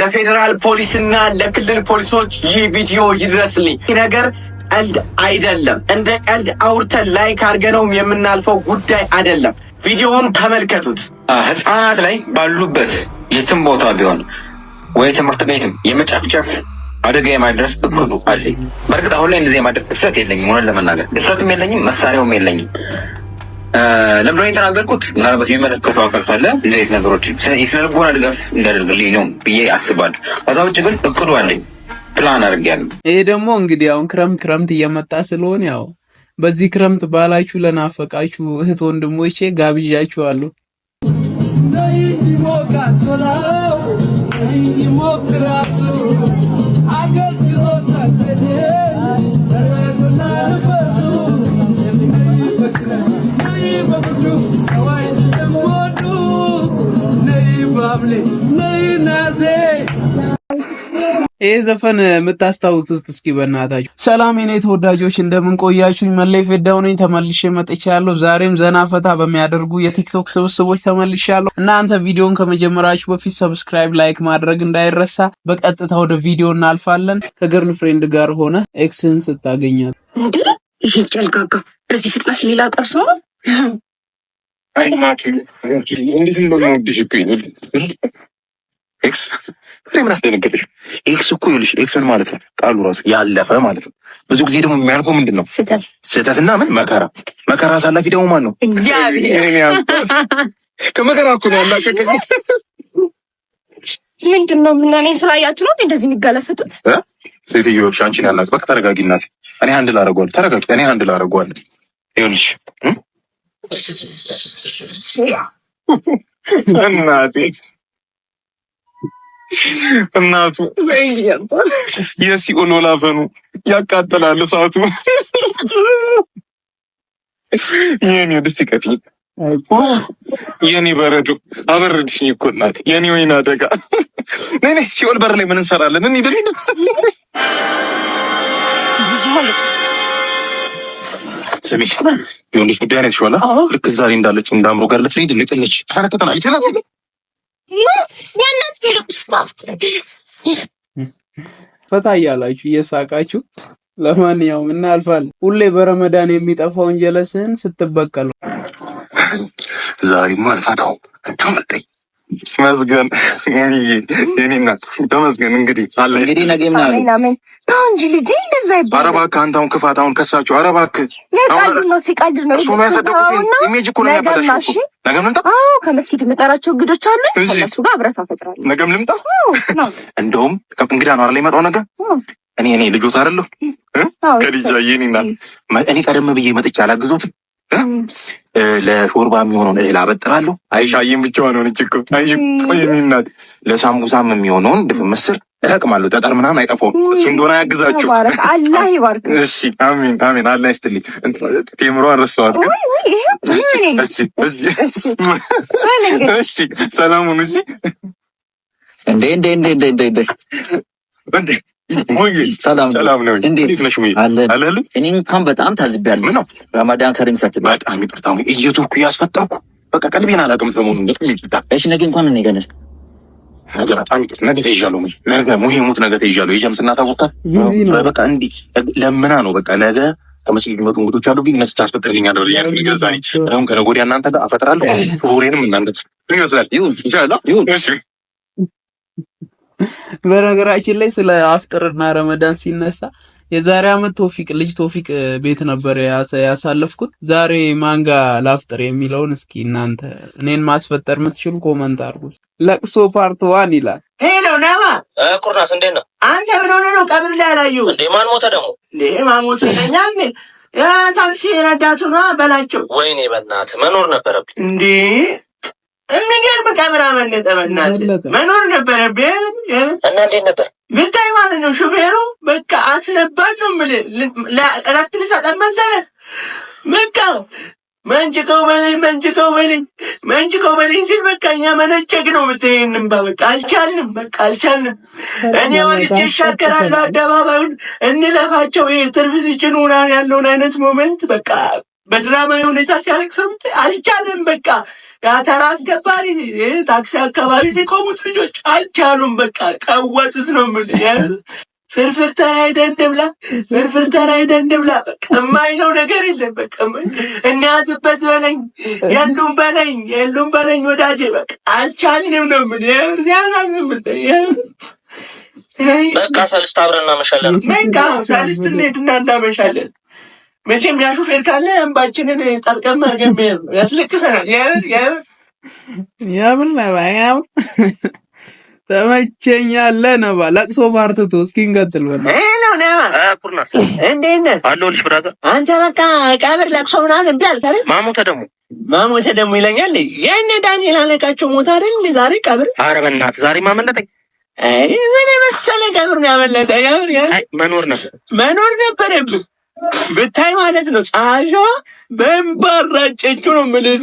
ለፌዴራል ፖሊስና ለክልል ፖሊሶች ይህ ቪዲዮ ይድረስልኝ። ይህ ነገር ቀልድ አይደለም። እንደ ቀልድ አውርተን ላይክ አድርገነውም የምናልፈው ጉዳይ አይደለም። ቪዲዮውን ተመልከቱት። ህፃናት ላይ ባሉበት የትም ቦታ ቢሆን ወይ ትምህርት ቤትም የመጨፍጨፍ አደጋ የማድረስ እቅዱ አለኝ። በእርግጥ አሁን ላይ እንደዚህ የማድረግ ድፍረት የለኝም፣ ሆነን ለመናገር ድፍረትም የለኝም፣ መሳሪያውም የለኝም። ለምደ የተናገርኩት ምናልባት የሚመለከቱ አካል ካለ እንደት ነገሮች የስነ ልቦና ድጋፍ እንዳደርግልኝ ነው ብዬ አስባለሁ። ከዛ ውጭ ግን እቅዱ አለኝ፣ ፕላን አድርጌያለሁ። ይሄ ደግሞ እንግዲህ አሁን ክረምት ክረምት እየመጣ ስለሆነ ያው በዚህ ክረምት ባላችሁ ለናፈቃችሁ እህት ወንድሞቼ ጋብዣችኋለሁ። ሞቃ ይህ ዘፈን የምታስታውሱት እስኪ በእናታችሁ። ሰላም የኔ ተወዳጆች እንደምንቆያችሁኝ፣ መለይ ፌዳው ነኝ። ተመልሼ መጥቻለሁ። ዛሬም ዘና ፈታ በሚያደርጉ የቲክቶክ ስብስቦች ተመልሻለሁ። እናንተ ቪዲዮን ከመጀመራችሁ በፊት ሰብስክራይብ፣ ላይክ ማድረግ እንዳይረሳ። በቀጥታ ወደ ቪዲዮ እናልፋለን። ከገርል ፍሬንድ ጋር ሆነ ኤክስን ስታገኛል እንዴ፣ ይሄ ጨልጋጋ በዚህ ፍጥነት ሌላ ጠርሰው እንዴት እንደምወድሽ እኮ ኤክስ ኤክስ እኮ ይኸውልሽ፣ ኤክስ ማለት ነው? ቃሉ ራሱ ያለፈ ማለት ነው። ብዙ ጊዜ ደግሞ የሚያልፈው ምንድን ነው? ስህተትና ምን መከራ። መከራ አሳላፊ ደግሞ ማን ነው? ከመከራ እኮ ነው ያላቀቀኝ። ምንድን ነው ምን እኔን ስላያችሁ ነው እንደዚህ የሚገለፍጡት? ሴትዮሽ አንቺን ያላችሁ በቃ ተረጋጊ እናቴ። እኔ አንድ ላረጓል። ተረጋጊ። እኔ አንድ ላረጓል። ይኸውልሽ እናቴ እናቱ የሲኦል ወላፈኑ ያቃጥላል እሳቱ። የኔ ድስት ይቀፊ የኔ በረዶ አበረድሽኝ እኮ እናት የኔ ወይን አደጋ ነኔ ሲኦል በር ላይ ምን እንሰራለን? እንሂድ ስሚ የወንዶች ጉዳይ ነው የተሸዋላ ልክ ዛሬ እንዳለች እንዳምሮ ጋር ለፍሬንድ ልቅለች ረከተና ፈታ እያላችሁ እየሳቃችሁ ለማንኛውም እናልፋለን። ሁሌ በረመዳን የሚጠፋውን ጀለስህን ስትበቀሉ ዛሬማ አልፋታው አታመልጠኝ። መስገን የኔና ተመስገን እንግዲህ አለ እንግዲህ ነገ ምናምን እንጂ ልጄ እንደዛ ይባላል። ኧረ እባክህ አንተ አሁን ክፋት አሁን ከሳችሁ። ኧረ እባክህ ቀልድ ነው ሲቀልድ ነው። እሱ ነው ያሳደጉት ኢሜጅ እኮ ነው ያበላሽ። ነገም ልምጣ አዎ ከመስጊድ የምጠራቸው እንግዶች አሉ። እነሱ ጋር አብረታ ፈጥራለሁ። ነገም ልምጣ። እንደውም እንግዳ ነው አይደል የመጣው ነገ እኔ እኔ ልጆት አይደለሁ ከዲጃ የኔና እኔ ቀደም ብዬ መጥቼ አላግዞትም ለሾርባ የሚሆነውን እህል አበጥራለሁ። አይሻይም ብቻ ነው ንችኩ ናት። ለሳምቡሳም የሚሆነውን ድፍ ምስር እለቅማለሁ። ጠጠር ምናምን አይጠፋውም። እሱ እንደሆነ ያግዛችሁ። አላህ ይባርክ። እሺ፣ አሜን፣ አሜን። አላህ ይስጥልኝ። ቴምሯን ረሳኋት። ሰላሙን እሺ። እንዴ፣ እንዴ፣ እንዴ፣ እንዴ፣ እንዴ ሰላም ሰላም ነው። እንዴት ነሽ? እኔ እንኳን በጣም ታዝቤያለሁ። ነው ከሪም ሰትል በጣም ይቅርታ። እየዞርኩ እያስፈጠርኩ በቃ ቀልቤን አላውቅም። ሰሞኑን እሺ፣ ነገ እንኳን ነገ ነሽ ነገ በጣም ይቅርታ። ነገ ተይዣለሁ። ነገ ነገ ተይዣለሁ። በቃ እንዲህ ለምና ነው በቃ ነገ ከመስጊድ የሚመጡ እንግዶች አሉ። ግን እነሱ ታስፈጥርልኛል ብለኛ ገዛኝ። ከነገ ወዲያ እናንተ ጋር አፈጥራለሁ። እናንተ ይመስላል ይሁን ይሁን በነገራችን ላይ ስለ አፍጥርና ረመዳን ሲነሳ የዛሬ አመት ቶፊቅ ልጅ ቶፊቅ ቤት ነበር ያሳለፍኩት። ዛሬ ማንጋ ላፍጥር የሚለውን እስኪ እናንተ እኔን ማስፈጠር የምትችሉ ኮመንት አርጉ። ለቅሶ ፓርት ዋን ይላል። ይሄ ነው ናማ ቁርናስ፣ እንዴት ነው አንተ? ምን ሆነ ነው ቀብር ላይ ያላዩ እንዴ? ማን ሞተ ደግሞ እንዴ? ማን ሞተ ይለኛል። ታክሲ ረዳቱ ነዋ በላቸው። ወይኔ በናትህ መኖር ነበረብኝ እንዴ የሚገርም ካሜራማን ገጠመናት መኖር ነበረብህ። እና ነበር ብታይ ማለት ነው። ሹፌሩ በቃ አስነባድ ነው ምል እረፍት ልሰጠ መሰለ በቃ መንጭቀው በልኝ መንጭቀው በልኝ መንጭቀው በልኝ ሲል በቃ እኛ መነጨግ ነው ምትይንም በቃ አልቻልንም፣ በቃ አልቻልንም። እኔ ወርጅ ይሻገራሉ አደባባዩን እንለፋቸው። ይህ ትርቪዝችን ውና ያለውን አይነት ሞመንት በቃ በድራማዊ ሁኔታ ሲያለቅሰው አልቻልንም በቃ ያተራ አስገባሪ ታክሲ አካባቢ የሚቆሙት ልጆች አልቻሉም። በቃ ቀወጡት ነው ምን ፍርፍር ተራ ሄደን ብላ ፍርፍር ተራ ሄደን ብላ በቃ የማይለው ነገር የለም። በቃ እንያዝበት በለኝ፣ የሉም በለኝ፣ የሉም በለኝ ወዳጄ። በቃ አልቻልንም ነው ምን ሲያሳዝ ምን በቃ ሰልስት አብረን እናመሻለን። በቃ ሰልስት እንሄድና እናመሻለን። መቼም ያ ሹፌር ካለ እንባችንን ጠርቀም አድርገን መሄድ ነው። ያስለቅሰናል። የምር የምር ነባ የምር ተመቸኝ አለ ነባ። ለቅሶ ፓርትቱ እስኪ እንቀጥል። ሄሎ ነባ እንዴት ነህ? አለሁልሽ ብራዘር። አንተ በቃ ቀብር ለቅሶ ምናምን እምቢ አልክ አይደል? ማሞተ ደግሞ ማሞተ ደግሞ ይለኛል። የእነ ዳንኤል አለቃቸው ሞት አይደል እንዴ ዛሬ ቀብር? ኧረ በእናትህ ዛሬ ማመለጠኝ ምን መሰለ ቀብር ነው ያመለጠ። የምር የምር መኖር ነበር መኖር ነበረብህ ብታይ ማለት ነው ፀሐሿ በንባራጨቹ ነው ምልዝ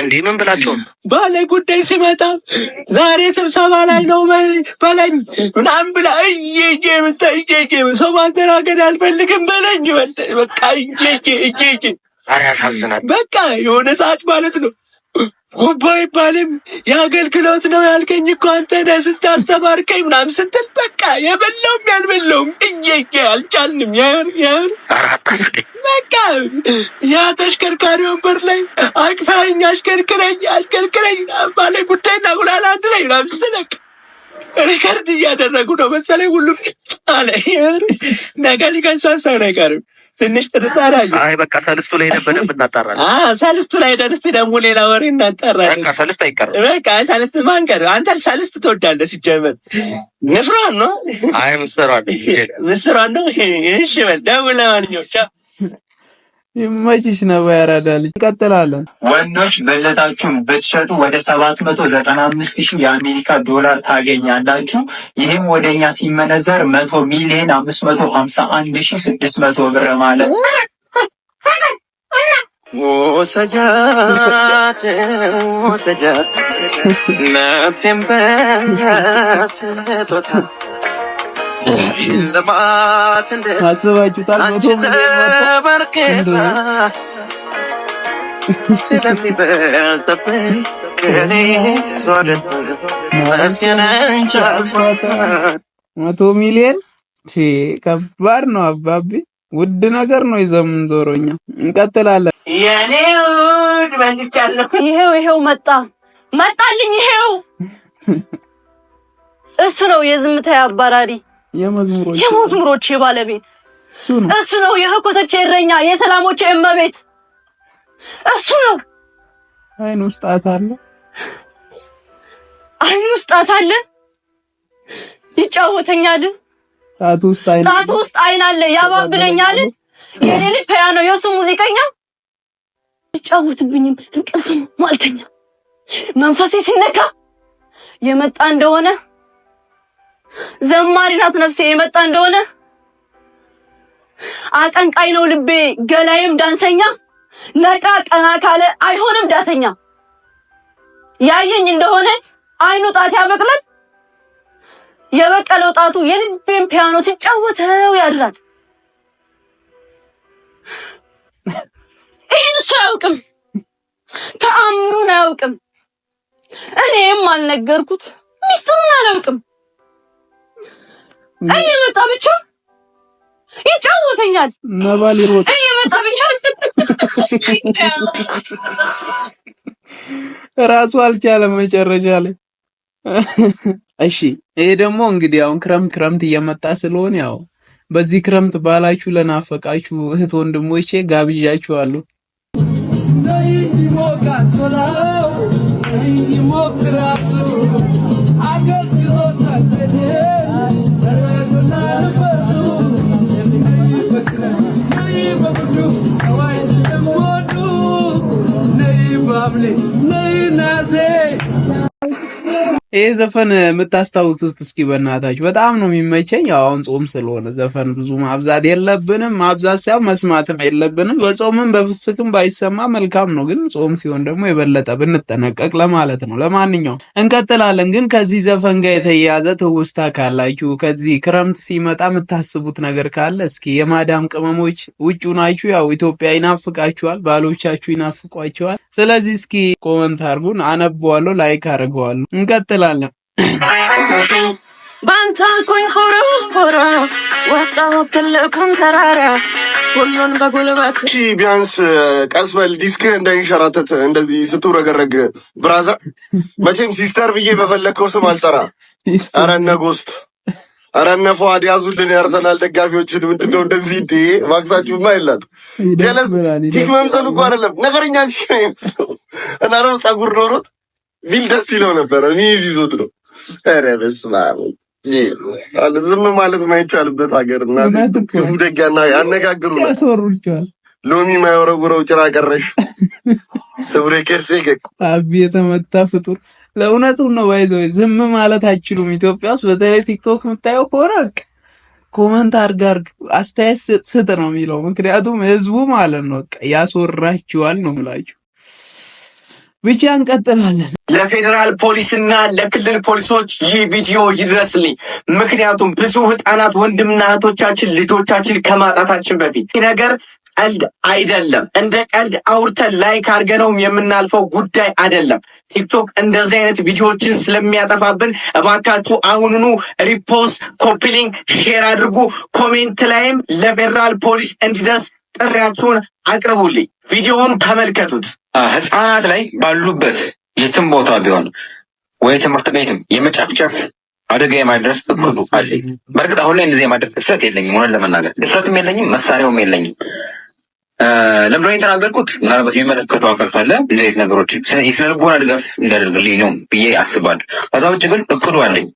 እንዲህ ምን ብላቸው ባለ ጉዳይ ሲመጣ ዛሬ ስብሰባ ላይ ነው በለኝ ምናምን ብላ እየጌ ምታ እየጌ ሰው ማስተናገድ አልፈልግም በለኝ በቃ እየጌ እየጌ በቃ የሆነ ሰዓት ማለት ነው ጉባ ይባልም የአገልግሎት ነው ያልከኝ እኮ አንተ ነህ ስታስተማርከኝ ምናምን ስትል በቃ የበላውም ያልበላውም እየየ አልቻልንም። ያር ያር በቃ ያ ተሽከርካሪ ወንበር ላይ አቅፋኝ አሽከርክረኝ አሽከርክረኝ ባለ ጉዳይና ጉላላ አንድ ላይ ምናምን ስትለቅ ሪከርድ እያደረጉ ነው መሰለኝ ሁሉም አለ ነገር ሊቀንሳሳ ነገርም ትንሽ ትንታራ አይ በቃ ሰልስቱ ላይ ሄደን በደንብ እናጣራለን። ሰልስቱ ላይ ሄደን እስኪ ደግሞ ሌላ ወሬ እናጣራለን። በቃ ሰልስት አይቀርም። በቃ ሰልስት ማን ቀረ? አንተ ሰልስት ትወዳለህ ሲጀመር። ንፍሯን ነው? አይ ምስሯን፣ ምስሯን ነው። እሺ በል ደውል ለማንኛውም ይመችሽ ነው ያራዳ ልጅ። እንቀጥላለን። ወንዶች ብልታችሁን ብትሸጡ ወደ ሰባት መቶ ዘጠና አምስት ሺህ የአሜሪካ ዶላር ታገኛላችሁ። ይህም ወደ እኛ ሲመነዘር መቶ ሚሊዮን አምስት መቶ ሀምሳ አንድ ሺህ ስድስት መቶ ብር ማለት ወሰጃት ወሰጃት ነፍሴን በስጦታ አስባችሁታል? መቶ ሚሊዮን ከባድ ነው አባቢ። ውድ ነገር ነው። የዘመን ዞሮኛ እንቀጥላለን። የኔ ውድ መልቻለሁ። ይሄው ይሄው መጣ መጣልኝ። ይሄው እሱ ነው የዝምታ አባራሪ የመዝሙሮቼ ባለቤት እሱ ነው። እሱ ነው የህኮቶቼ እረኛ፣ የሰላሞች እመቤት እሱ ነው። አይን ውስጥ ጣት አለ፣ አይን ውስጥ ጣት አለ፣ ይጫወተኛል። ጣት ውስጥ አይን፣ ጣት ውስጥ አይን አለ፣ ያባብለኛል። የኔ ፒያኖ የእሱ ሙዚቀኛ፣ ይጫወትብኝም እንቅልፍ ማልተኛ። መንፈሴ ሲነካ የመጣ እንደሆነ ዘማሪ ናት ነፍሴ የመጣ እንደሆነ አቀንቃይ ነው ልቤ ገላዬም ዳንሰኛ ነቃ ቀና ካለ አይሆንም ዳተኛ ያየኝ እንደሆነ አይኑ ጣት ያበቅላል የበቀለው ጣቱ የልቤን ፒያኖ ሲጫወተው ያድራል። ይህን እሱ አያውቅም፣ ተአምሩን አያውቅም፣ እኔም አልነገርኩት፣ ሚስጥሩን አላውቅም። እየመጣ ብቻ ይጫወተኛል። መባል ይሮጥ እየመጣ ብቻ ራሱ አልቻለም መጨረሻ ላይ። እሺ ይሄ ደግሞ እንግዲህ አሁን ክረምት ክረምት እየመጣ ስለሆነ ያው በዚህ ክረምት ባላችሁ ለናፈቃችሁ እህት ወንድሞቼ ጋብዣችኋለሁ። ነይ ራሱ ይህ ዘፈን የምታስታውሱት እስኪ በእናታችሁ በጣም ነው የሚመቸኝ። አሁን ጾም ስለሆነ ዘፈን ብዙ ማብዛት የለብንም። ማብዛት ሳይሆን መስማትም የለብንም። በጾምም በፍስክም ባይሰማ መልካም ነው፣ ግን ጾም ሲሆን ደግሞ የበለጠ ብንጠነቀቅ ለማለት ነው። ለማንኛውም እንቀጥላለን። ግን ከዚህ ዘፈን ጋር የተያያዘ ትውስታ ካላችሁ ከዚህ ክረምት ሲመጣ የምታስቡት ነገር ካለ እስኪ የማዳም ቅመሞች ውጭ ናችሁ፣ ያው ኢትዮጵያ ይናፍቃችኋል፣ ባሎቻችሁ ይናፍቋችኋል። ስለዚህ እስኪ ኮመንት አርጉን፣ አነበዋለሁ፣ ላይክ አድርገዋለሁ። እንቀጥል እንላለን። ባንተ አልኩኝ ሆሮ ሆሮ ወጣሁት ትልቁን ተራራ ሁሉን በጉልበት ቢያንስ ቀስ በል ዲስክህ እንዳይንሸራተት እንደዚህ ስትውረገረግ ብራዘር፣ መቼም ሲስተር ብዬ በፈለግከው ስም አልጠራ። ኧረ እነ ጎስት፣ ኧረ እነ ፏድ ያዙልን ያርሰናል ደጋፊዎችን። ምንድነው እንደዚህ እንዴ? ማክሳችሁማ የላት ቴለስ ቲክ መምሰሉ እኮ አይደለም ነገረኛ ቲክ እና ደግሞ ጸጉር ኖሮት ቢል ደስ ይለው ነበረ። ሚዝ ይዞት ነው። ኧረ በስመ አብ ዝም ማለት ማይቻልበት ሀገር እና ደጋና ያነጋግሩ ሎሚ ማይወረውረው ጭራ ቀረሽ ህብሬ ከርሴ ገቁ አብ የተመታ ፍጡር ለእውነቱ ነው። ባይዘ ዝም ማለት አይችሉም። ኢትዮጵያ ውስጥ በተለይ ቲክቶክ የምታየው ከሆነ ኮመንት አርጋ አስተያየት ስጥ ነው የሚለው ምክንያቱም ህዝቡ ማለት ነው ያስወራችኋል ነው ምላችሁ ብቻ እንቀጥላለን። ለፌዴራል ፖሊስና ለክልል ፖሊሶች ይህ ቪዲዮ ይድረስልኝ። ምክንያቱም ብዙ ህጻናት ወንድምና እህቶቻችን ልጆቻችን ከማጣታችን በፊት ይህ ነገር ቀልድ አይደለም። እንደ ቀልድ አውርተን ላይክ አድርገነውም የምናልፈው ጉዳይ አይደለም። ቲክቶክ እንደዚህ አይነት ቪዲዮዎችን ስለሚያጠፋብን እባካችሁ አሁኑኑ ሪፖስት፣ ኮፒሊንግ፣ ሼር አድርጉ። ኮሜንት ላይም ለፌዴራል ፖሊስ እንዲደርስ ጥሪያችሁን አቅርቡልኝ። ቪዲዮውን ተመልከቱት። ህፃናት ላይ ባሉበት የትም ቦታ ቢሆን ወይ ትምህርት ቤትም የመጨፍጨፍ አደጋ የማድረስ እክሉ አለ። በእርግጥ አሁን ላይ እንደዚህ የማድረግ ድፍረት የለኝም፣ ሆነን ለመናገር ድፍረትም የለኝም፣ መሳሪያውም የለኝም። ለምንድነው የተናገርኩት? ምናልባት የሚመለከቱ አካል ካለ እንደዚህ ነገሮች የስነ ልቦና ድጋፍ እንዲያደርግልኝ ነው ብዬ አስባለሁ። ከዛ ውጭ ግን እቅዱ አለኝ፣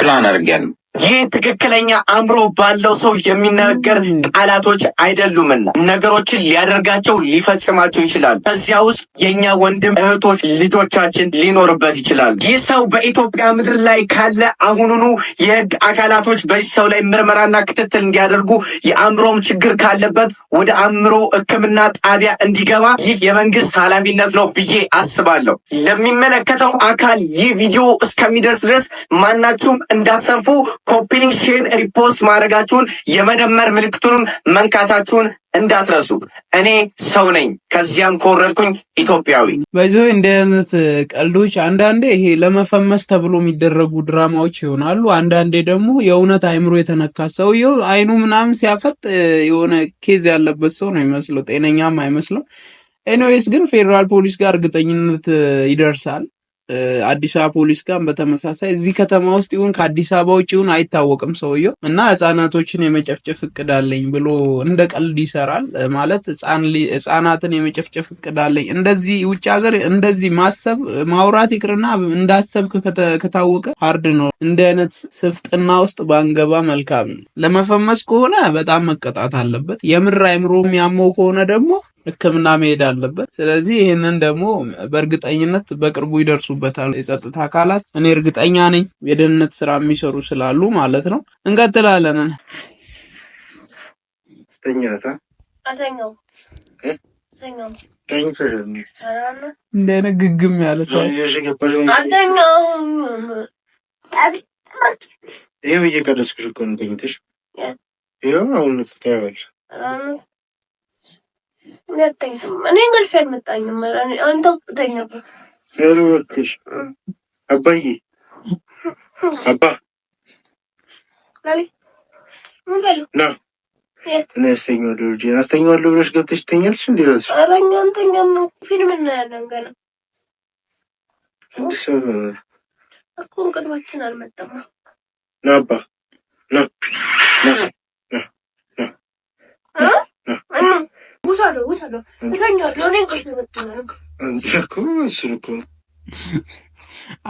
ፕላን አድርጌያለሁ። ይህ ትክክለኛ አእምሮ ባለው ሰው የሚነገር ቃላቶች አይደሉምና ነገሮችን ሊያደርጋቸው ሊፈጽማቸው ይችላል። ከዚያ ውስጥ የእኛ ወንድም እህቶች፣ ልጆቻችን ሊኖርበት ይችላል። ይህ ሰው በኢትዮጵያ ምድር ላይ ካለ አሁኑኑ የህግ አካላቶች በዚህ ሰው ላይ ምርመራና ክትትል እንዲያደርጉ የአእምሮም ችግር ካለበት ወደ አእምሮ ሕክምና ጣቢያ እንዲገባ ይህ የመንግስት ኃላፊነት ነው ብዬ አስባለሁ። ለሚመለከተው አካል ይህ ቪዲዮ እስከሚደርስ ድረስ ማናችሁም እንዳትሰንፉ ኮፒሊንግ ሪፖርት ሪፖስት ማድረጋችሁን የመደመር ምልክቱንም መንካታችሁን እንዳትረሱ። እኔ ሰው ነኝ፣ ከዚያም ከወረድኩኝ ኢትዮጵያዊ። በዚህ እንዲህ አይነት uh, ቀልዶች አንዳንዴ ይሄ ለመፈመስ ተብሎ የሚደረጉ ድራማዎች ይሆናሉ። አንዳንዴ ደግሞ የእውነት አይምሮ የተነካ ሰውየው አይኑ ምናምን ሲያፈጥ uh, የሆነ ኬዝ ያለበት ሰው ነው የሚመስለው፣ ጤነኛም አይመስለው። ኤኒዌይስ ግን ፌዴራል ፖሊስ ጋር እርግጠኝነት uh, ይደርሳል። አዲስ አበባ ፖሊስ ጋር በተመሳሳይ እዚህ ከተማ ውስጥ ይሁን ከአዲስ አበባ ውጭ ይሁን አይታወቅም ሰውየው እና ህጻናቶችን የመጨፍጨፍ እቅድ አለኝ ብሎ እንደ ቀልድ ይሰራል። ማለት ህጻናትን የመጨፍጨፍ እቅድ አለኝ እንደዚህ ውጭ ሀገር እንደዚህ ማሰብ ማውራት ይቅርና እንዳሰብክ ከታወቀ ሀርድ ነው። እንዲህ አይነት ስፍጥና ውስጥ ባንገባ መልካም ነው። ለመፈመስ ከሆነ በጣም መቀጣት አለበት። የምር አይምሮ የሚያመው ከሆነ ደግሞ ሕክምና መሄድ አለበት። ስለዚህ ይህንን ደግሞ በእርግጠኝነት በቅርቡ ይደርሱበታል የጸጥታ አካላት። እኔ እርግጠኛ ነኝ የደህንነት ስራ የሚሰሩ ስላሉ ማለት ነው። እንቀጥላለን። እንደነ ግግም ያለ ሰው ይኸው እኔ እንቅልፍ አልመጣኝም። አንተ ወቅተኝ እባክሽ አባዬ፣ አባ ና እኔ አስተኛዋለሁ፣ ልጄን አስተኛዋለሁ ብለሽ ገብተሽ ትተኛለሽ። እንዲ ረስ አረኛ አንተኛ ፊልም እናያለን ገና እንቅልፋችን አልመጣም። ና አባ ና ና ና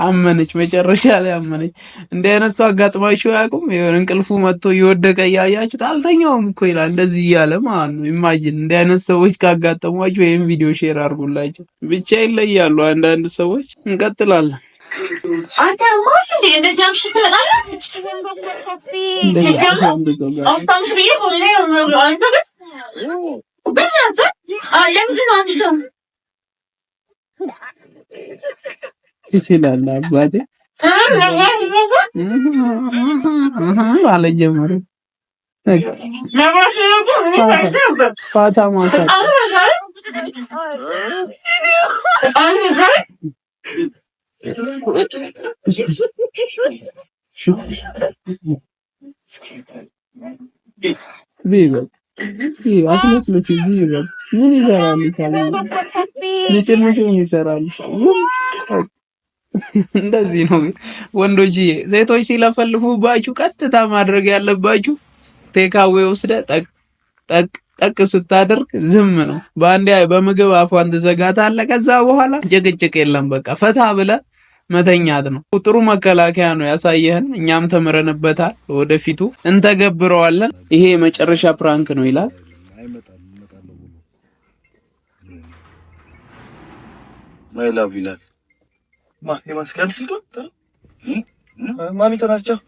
አመነች። መጨረሻ ላይ አመነች። እንዲህ አይነት ሰው አጋጥማችሁ አያውቁም? የሆነ እንቅልፉ መጥቶ እየወደቀ እያያችሁት አልተኛውም እኮ ይላል። እንደዚህ እያለ ማለት ነው። ኢማጂን እንዲህ አይነት ሰዎች ካጋጠሟችሁ ይህም ቪዲዮ ሼር አድርጉላቸው። ብቻ ይለያሉ አንዳንድ ሰዎች። እንቀጥላለን። ይችላል አባቴ አለጀመረ ፋታ ማሳ አትመስለች ይላል። ምን ይሰራል? ይሰራል። እንደዚህ ነው ወንዶች። ሴቶች ሲለፈልፉባችሁ ቀጥታ ማድረግ ያለባችሁ ቴካዌ ወስደ ጠቅ ጠቅ ጠቅ ስታደርግ ዝም ነው። በአንድ በምግብ አፏን ትዘጋታለህ። ከዛ በኋላ ጭቅጭቅ የለም። በቃ ፈታ ብለ መተኛት ነው። ጥሩ መከላከያ ነው ያሳየህን። እኛም ተምረንበታል። ወደፊቱ እንተገብረዋለን። ይሄ የመጨረሻ ፕራንክ ነው ይላል። አይመጣም እመጣለሁ ብሎ ማይ ይላል። የማስኪያል ስልክ ማሚቶ ናቸው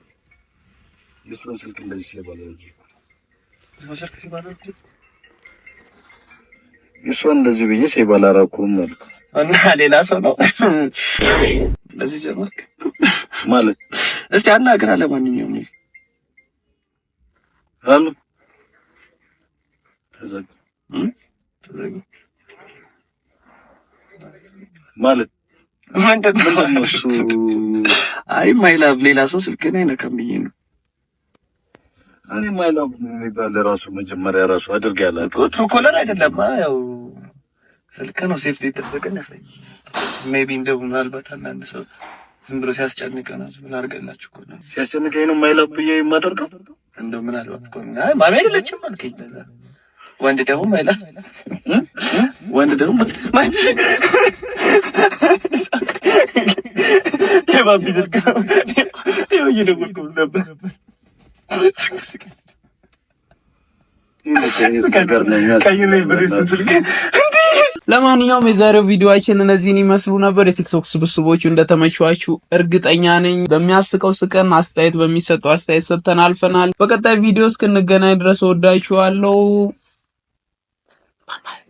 ልጅን ስልክ እንደዚህ ስለባለ እንጂ እንደዚህ ብዬ ሴቭ አላደረኩም ማለት እና ሌላ ሰው ነው እንደዚህ ጀመርክ ማለት እስቲ አናግራ። ለማንኛውም ሄሎ ተዘጋ ማለት አይ ማይላቭ ሌላ ሰው ስልክን አይነካም ብዬ ነው። እኔ ማይላቭ የሚባል ራሱ መጀመሪያ ራሱ አድርግ ያለ ትሩ ኮለር አይደለም፣ ያው ስልክ ነው። ሴፍቲ የጠበቀን ያሳይ ሜቢ እንደው ምናልባት አንዳንድ ሰው ዝም ብሎ ሲያስጨንቀናል ምን አድርገናችሁ እኮ ነው ሲያስጨንቀኝ ነው ማይላቭ ብዬ የማደርገው እንደው ምናልባት እኮ ማሚ አይደለችም አልከኝ ወንድ ደግሞ መላ ወንድ ደግሞ ማንቺ የባቢ ዘርግ ነው እየደወልኩ ነበር። ለማንኛውም የዛሬው ቪዲዮአችን እነዚህን ይመስሉ ነበር። የቲክቶክ ስብስቦቹ እንደተመቿችሁ እርግጠኛ ነኝ። በሚያስቀው ስቀን አስተያየት በሚሰጠው አስተያየት ሰጥተን አልፈናል። በቀጣይ ቪዲዮ እስክንገናኝ ድረስ ወዳችኋለሁ። Bye bye.